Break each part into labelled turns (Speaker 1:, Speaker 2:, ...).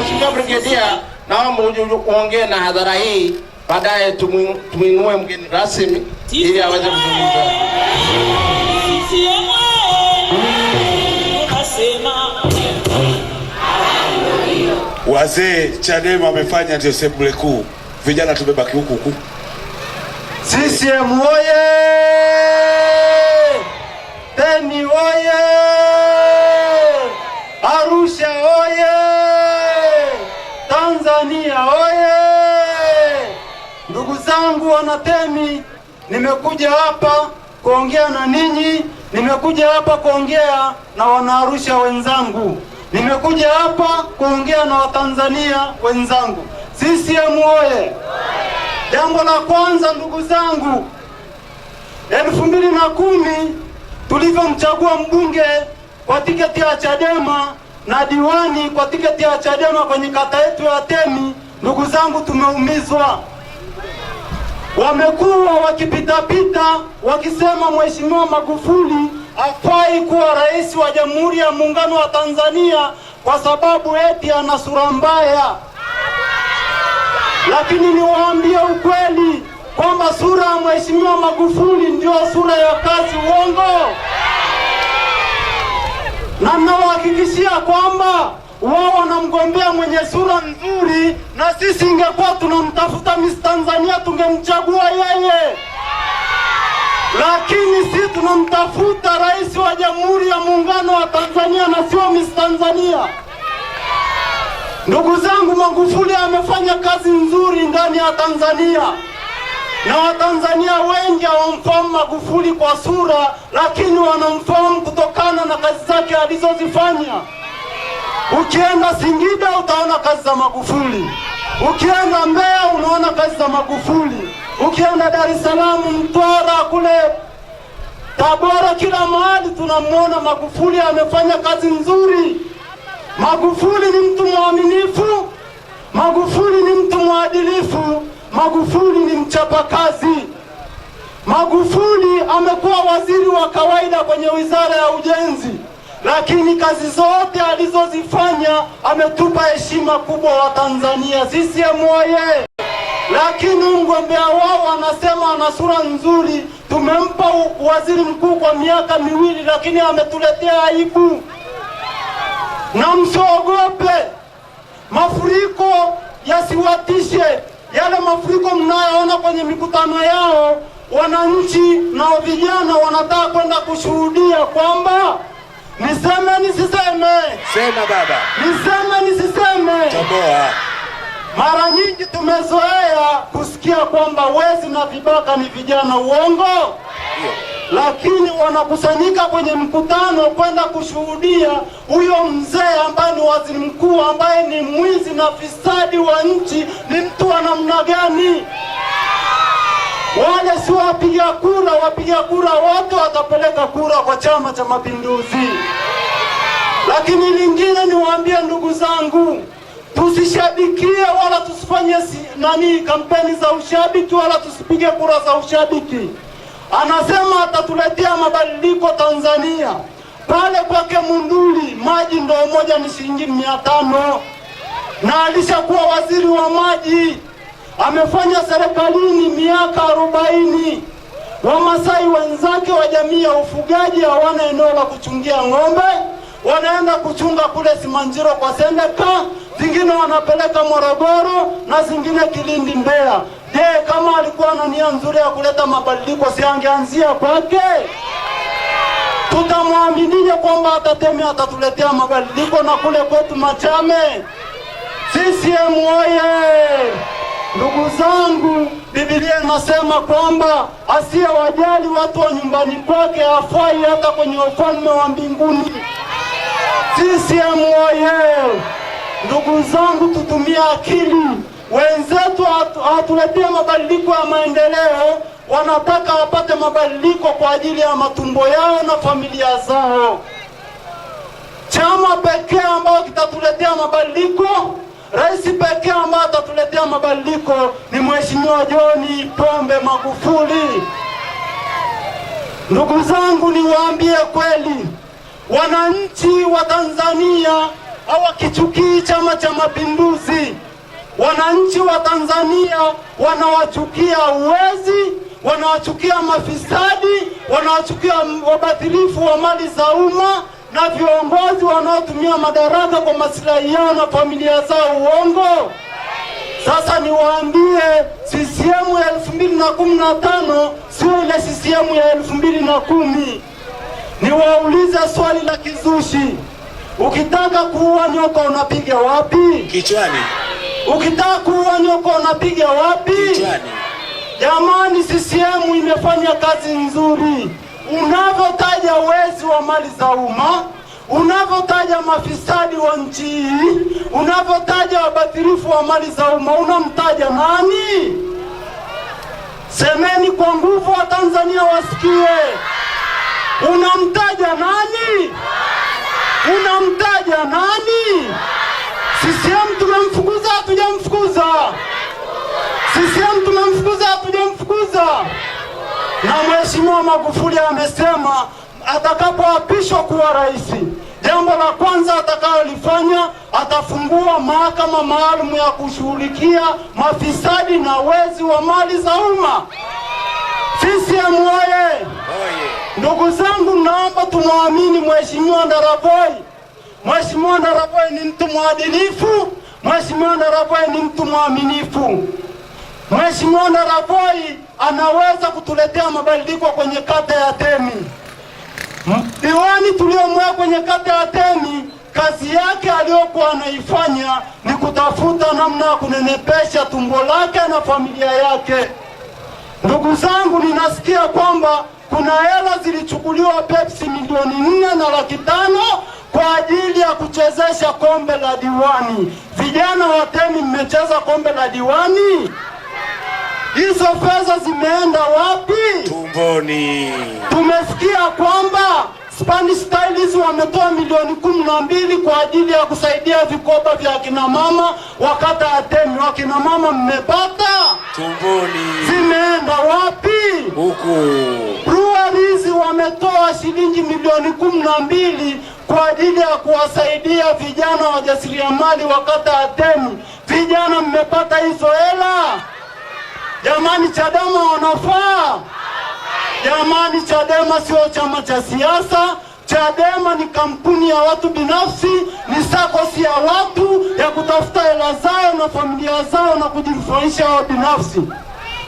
Speaker 1: Mheshimiwa Brigedia, naomba uongee na hadhara hii, baadaye tumwinue mgeni rasmi ili aweze kuzungumza.
Speaker 2: Wazee Chadema wamefanya ndio sebule kuu, vijana tumebaki huku huku.
Speaker 1: CCM oye! Teni oye! wandugu wanapemi, nimekuja hapa kuongea na ninyi, nimekuja hapa kuongea na wanaarusha wenzangu, nimekuja hapa kuongea na watanzania wenzangu. CCM oye! Jambo la kwanza ndugu zangu, elfu mbili na kumi tulivyomchagua mbunge kwa tiketi ya Chadema na diwani kwa tiketi ya Chadema kwenye kata yetu ya Temi, ndugu zangu, tumeumizwa wamekuwa wakipitapita wakisema Mheshimiwa Magufuli afai kuwa rais wa Jamhuri ya Muungano wa Tanzania kwa sababu eti ana sura mbaya, lakini niwaambie ukweli kwamba sura ya Mheshimiwa Magufuli ndio sura ya kazi. Uongo? na ninawahakikishia kwamba wao wanamgombea mwenye sura nzuri, na sisi ingekuwa tunamtafuta Miss Tanzania tungemchagua yeye, lakini si tunamtafuta rais wa Jamhuri ya Muungano wa Tanzania na sio Miss Tanzania. Ndugu zangu, Magufuli amefanya kazi nzuri ndani ya Tanzania na Watanzania wengi hawamfahamu Magufuli kwa sura, lakini wanamfahamu kutokana na kazi zake alizozifanya. Ukienda Singida utaona kazi za Magufuli, ukienda Mbeya unaona kazi za Magufuli, ukienda Dar es Salaam, Mtwara, kule Tabora, kila mahali tunamwona Magufuli amefanya kazi nzuri. Magufuli ni mtu mwaminifu, Magufuli ni mtu mwadilifu, Magufuli ni mchapakazi. Magufuli amekuwa waziri wa kawaida kwenye wizara ya ujenzi lakini kazi zote alizozifanya ametupa heshima kubwa wa Tanzania. Sisi oye! Lakini mgombea wao anasema ana sura nzuri, tumempa waziri mkuu kwa miaka miwili, lakini ametuletea aibu. Na msiogope, mafuriko yasiwatishe. Yale mafuriko mnayoona kwenye mikutano yao, wananchi na vijana wanataka kwenda kushuhudia kwamba Niseme nisiseme?
Speaker 2: Sema baba.
Speaker 1: Niseme nisiseme? Toboa. Mara nyingi tumezoea kusikia kwamba wezi na vibaka ni vijana uongo, lakini wanakusanyika kwenye mkutano kwenda kushuhudia huyo mzee ambaye ni waziri mkuu ambaye ni mwizi na fisadi wa nchi Wale si wapiga kura, wapiga kura wote watapeleka kura kwa Chama cha Mapinduzi. Lakini lingine niwaambie ndugu zangu, tusishabikie wala tusifanye nani kampeni za ushabiki wala tusipige kura za ushabiki. Anasema atatuletea mabadiliko Tanzania. Pale kwake Munduli maji ndoo moja ni shilingi mia tano na alishakuwa waziri wa maji amefanya serikalini miaka arobaini. Wamasai wenzake wa jamii ya ufugaji hawana eneo la kuchungia ng'ombe, wanaenda kuchunga kule Simanjiro kwa Sendeka, zingine wanapeleka Morogoro na zingine Kilindi, Mbeya. Je, kama alikuwa na nia nzuri ya kuleta mabadiliko, si angeanzia kwake? Tutamwaminije kwamba atateme atatuletea mabadiliko na kule kwetu Machame? CCM oye! Ndugu zangu, Biblia inasema kwamba asiyewajali watu wa nyumbani kwake hafai hata kwenye ufalme wa mbinguni. CCM oyee! Ndugu zangu, tutumie akili. Wenzetu atu, mabadiliko ya maendeleo, wanataka wapate mabadiliko kwa ajili ya matumbo yao na familia zao. Chama pekee ambayo kitatuletea mabadiliko, rais pekee tuletea mabadiliko ni Mheshimiwa John Pombe Magufuli. Ndugu zangu, niwaambie kweli, wananchi wa Tanzania hawakichukii Chama cha Mapinduzi. Wananchi wa Tanzania wanawachukia uwezi, wanawachukia mafisadi, wanawachukia wabadhirifu wa mali za umma na viongozi wanaotumia madaraka kwa maslahi yao na familia zao. Uongo. Sasa niwaambie CCM ya elfu mbili na kumi na tano sio ile CCM ya elfu mbili na kumi. Niwaulize swali la kizushi, ukitaka kuua nyoka unapiga wapi? Kichwani. Ukitaka kuua nyoka unapiga wapi? Kichwani. Jamani, CCM imefanya kazi nzuri. Unavyotaja wezi wa mali za umma Unavyotaja mafisadi wa nchi hii, unavyotaja wabadhirifu wa mali za umma, unamtaja nani? Semeni kwa nguvu, wa Tanzania wasikie. Unamtaja nani? Unamtaja nani? CCM tumemfukuza, hatujamfukuza? CCM tumemfukuza, hatujamfukuza? Na Mheshimiwa Magufuli amesema atakapoapishwa kuwa rais, jambo la kwanza atakalolifanya atafungua mahakama maalum ya kushughulikia mafisadi na wezi wa mali za umma. CCM oye! Ndugu zangu, naomba tumwamini Mheshimiwa Ndaraboi. Mheshimiwa Ndaraboi ni mtu mwadilifu. Mheshimiwa Ndaraboi ni mtu mwaminifu. Mheshimiwa Ndaraboi anaweza kutuletea mabadiliko kwenye kata ya Temi. Diwani hmm? tuliomwea kwenye kata ya Temi, kazi yake aliyokuwa anaifanya ni kutafuta namna ya kunenepesha tumbo lake na familia yake. Ndugu zangu, ninasikia kwamba kuna hela zilichukuliwa Pepsi milioni nne na laki tano kwa ajili ya kuchezesha kombe la diwani. Vijana wa Temi, mmecheza kombe la diwani? Hizo pesa zimeenda wapi?
Speaker 2: Tumboni.
Speaker 1: Tumesikia kwamba Spanish style wametoa milioni kumi na mbili kwa ajili ya kusaidia vikoba vya kina mama wakata atemi wa kina mama mmepata?
Speaker 2: Tumboni.
Speaker 1: Zimeenda wapi? Huku. Brewery wametoa shilingi milioni kumi na mbili kwa ajili ya kuwasaidia vijana wajasiriamali wakata atemi. Vijana mmepata hizo hela? Jamani, Chadema wanafaa. Jamani, Chadema sio chama cha siasa. Chadema ni kampuni ya watu binafsi, ni sakosi ya watu ya kutafuta hela zao na familia zao na kujinufaisha wao binafsi.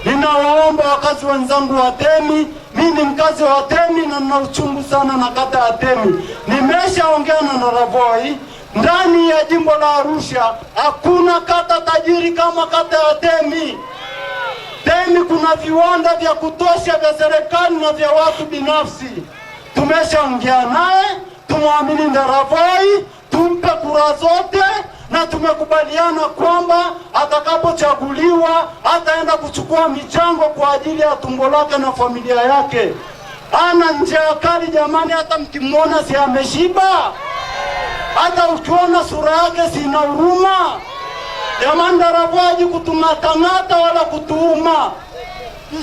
Speaker 1: Ninawaomba wakazi wenzangu wa Temi, mimi ni mkazi wa Temi na nina uchungu sana na kata ya Temi. Nimeshaongea na Naravoi ndani ya jimbo la Arusha hakuna kata tajiri kama kata ya Temi. Temi kuna viwanda vya kutosha vya serikali na vya watu binafsi. Tumeshaongea naye, tumwamini Ndaravai, tumpe kura zote na tumekubaliana kwamba atakapochaguliwa ataenda kuchukua michango kwa ajili ya tumbo lake na familia yake. Ana njaa kali jamani, hata mkimwona si ameshiba? Hata ukiona sura yake sina huruma yamandaravwaji kutumatamata wala kutuuma.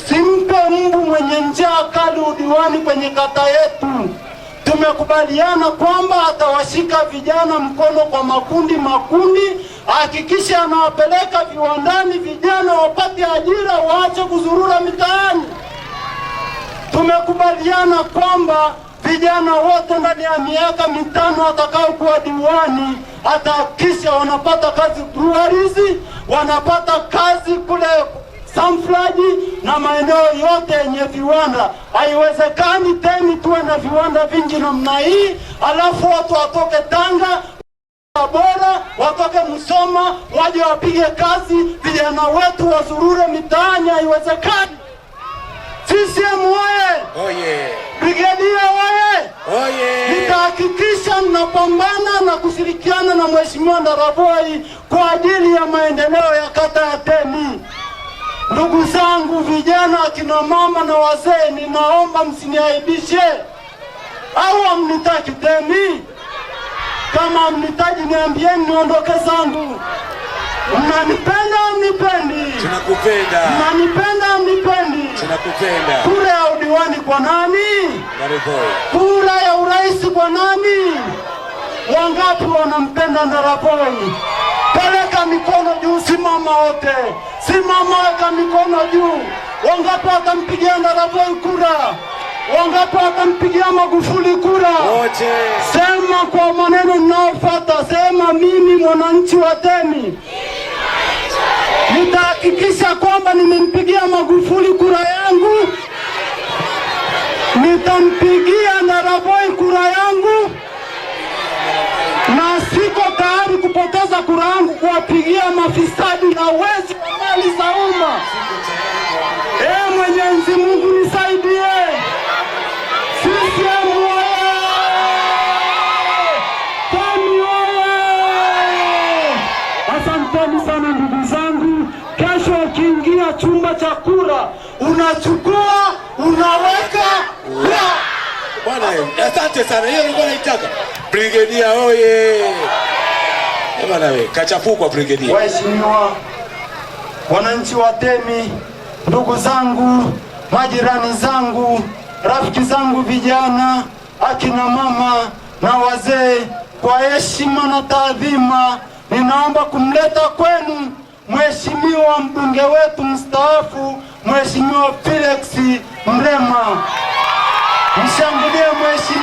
Speaker 1: Simpe mbu mwenye njaa kali udiwani kwenye kata yetu. Tumekubaliana kwamba atawashika vijana mkono kwa makundi makundi, ahakikishe anawapeleka viwandani, vijana wapate ajira, waache kuzurura mitaani. Tumekubaliana kwamba vijana wote ndani ya miaka mitano atakayokuwa diwani kisha wanapata kazi ruralizi, wanapata kazi kule Samflaji na maeneo yote yenye viwanda. Haiwezekani teni tuwe na viwanda vingi namna hii, alafu watu watoke Tanga bora watoke Musoma waje wapige kazi, vijana wetu wazurure mitaani. Haiwezekani. CCM oye! Brigedia
Speaker 2: oye!
Speaker 1: Nitahakikisha mnapambana na kushirikiana na Mheshimiwa Ndaravoi kwa ajili ya maendeleo ya kata ya Temi. Ndugu zangu vijana, akina mama na wazee, ninaomba msiniaibishe au hamnitaki Temi? Kama hamnitaji niambieni, niondoke zangu. Mnanipenda mnipendi?
Speaker 2: Tunakupenda.
Speaker 1: Mnanipenda mnipendi?
Speaker 2: tunakupenda.
Speaker 1: Kura ya udiwani kwa nani? Ndareboe. Kura ya urais kwa nani? Wangapi wanampenda Ndareboe? Peleka mikono juu, simama wote, simama, weka mikono juu. Wangapi watampigia Ndareboe kura? Wangapi watampigia Magufuli kura?
Speaker 2: Wote.
Speaker 1: Sema kwa maneno mnaofuata, sema mimi mwananchi wa Temi nitahakikisha kwamba nimempigia Magufuli kura. kuwapigia mafisadi na wezi wa mali za umma. Ee Mwenyezi Mungu nisaidie. Sisi Asanteni sana ndugu zangu. Kesho ukiingia chumba cha kura unachukua unaweka.
Speaker 2: Bwana, asante sana, hiyo nilikuwa naitaka. Brigedia oye! bwana kachapukwa brigedia.
Speaker 1: Waheshimiwa wananchi wa Temi, ndugu zangu, majirani zangu, rafiki zangu, vijana, akina mama na wazee, kwa heshima na taadhima, ninaomba kumleta kwenu mheshimiwa mbunge wetu mstaafu, mheshimiwa Felix Mrema. Mshangilie mheshimiwa.